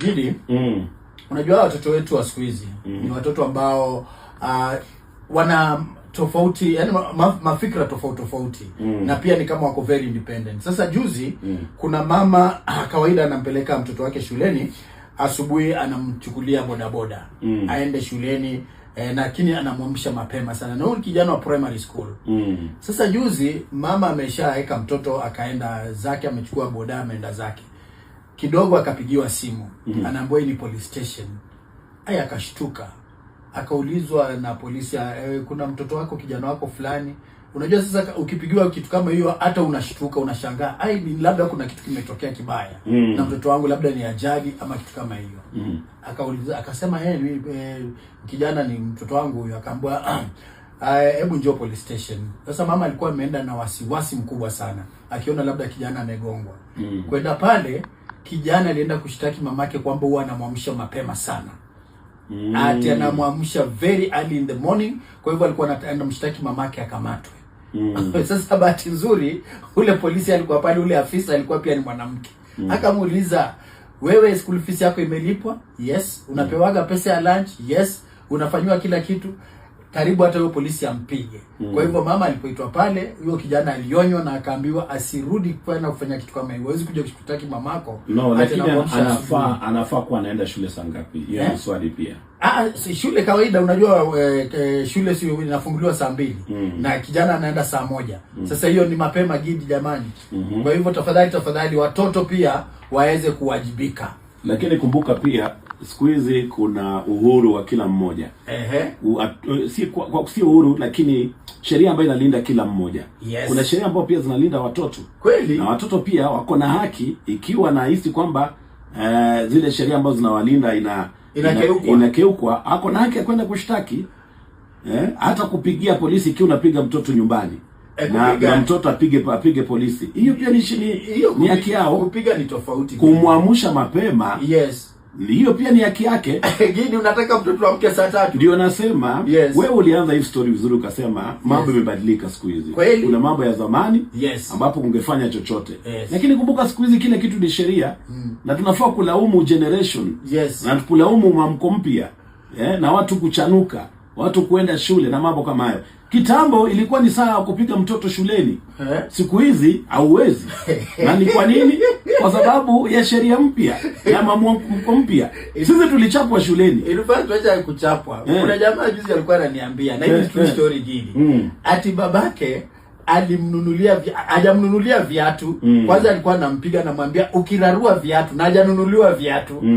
Gidi, mm. Unajua watoto wetu wa siku hizi mm. ni watoto ambao uh, wana tofauti yani ma, mafikra tofauti tofauti mm. na pia ni kama wako very independent. Sasa juzi mm. kuna mama ah, kawaida anampeleka mtoto wake shuleni asubuhi, anamchukulia bodaboda mm. aende shuleni eh, lakini anamwamsha mapema sana, na huyu kijana wa primary school mm. Sasa juzi mama ameshaweka mtoto akaenda zake, amechukua boda ameenda zake kidogo akapigiwa simu mm -hmm. Anaambiwa ni police station. Aya, akashtuka akaulizwa na polisi eh, kuna mtoto wako kijana wako fulani. Unajua sasa ukipigiwa kitu kama hiyo hata unashtuka, unashangaa ai, labda kuna kitu kimetokea kibaya mm -hmm. na mtoto wangu labda ni ajali ama kitu kama hiyo mm -hmm. Akauliza akasema hey, eh, eh, kijana ni mtoto wangu huyo. Akaambiwa ah, hebu njoo police station. Sasa mama alikuwa ameenda na wasiwasi mkubwa sana, akiona labda kijana amegongwa mm kwenda pale kijana alienda kushtaki mamake kwamba huwa anamwamsha mapema sana mm. ati anamwamsha very early in the morning. Kwa hivyo alikuwa anamshtaki mamake akamatwe. mm. Sasa bahati nzuri ule polisi alikuwa pale, ule afisa alikuwa pia ni mwanamke mm. akamuuliza, wewe school fees yako imelipwa? Yes. Mm. unapewaga pesa ya lunch? Yes. unafanyiwa kila kitu karibu hata huyo polisi ampige. Mm. Kwa hivyo mama alipoitwa pale, huyo kijana alionywa na akaambiwa asirudi kwenda kufanya kitu kama hiyo. Huwezi kuja kushtaki mamako. No, lakini anafaa anafaa kuwa anaenda shule saa ngapi? Hiyo yeah, ni eh? swali pia. Ah, ah shule kawaida unajua e, e, shule si inafunguliwa saa mbili mm. na kijana anaenda saa moja. Mm. Sasa hiyo ni mapema gidi jamani. Mm -hmm. Kwa hivyo tafadhali tafadhali watoto pia waweze kuwajibika. Lakini kumbuka pia siku hizi kuna uhuru wa kila mmoja ehe, si kwa, kwa si uhuru lakini sheria ambayo inalinda kila mmoja yes. Kuna sheria ambayo pia zinalinda watoto kweli, na watoto pia wako na haki ikiwa nahisi kwamba uh, zile sheria ambazo zinawalinda ina inakeukwa ina, ina ako na haki ya kwenda kushtaki eh, hata kupigia polisi ikiwa unapiga mtoto nyumbani eh, na, na mtoto apige apige polisi, hiyo pia ni haki yao. Kupiga ni tofauti, kumwamsha mapema yes hiyo pia ni haki yake. Gini, unataka mtoto amke saa tatu? Ndio nasema yes. Wewe ulianza hii story vizuri ukasema mambo yamebadilika yes. Siku hizi kuna mambo ya zamani yes. ambapo ungefanya chochote yes. Lakini kumbuka siku hizi kila kitu ni sheria mm. na tunafaa kulaumu generation yes. na kulaumu mwamko mpya eh, na watu kuchanuka, watu kuenda shule na mambo kama hayo. Kitambo ilikuwa ni saa ya kupiga mtoto shuleni eh? Siku hizi hauwezi na ni kwa nini? kwa sababu ya sheria mpya ya mamwamko mpya. Sisi tulichapwa shuleni, ilifaa tuacha kuchapwa. Eh. Kuna jamaa juzi alikuwa ananiambia na hii eh, true eh. story gini mm. ati babake alimnunulia hajamnunulia viatu mm. Kwanza alikuwa anampiga, anamwambia ukirarua viatu na hajanunuliwa viatu mm.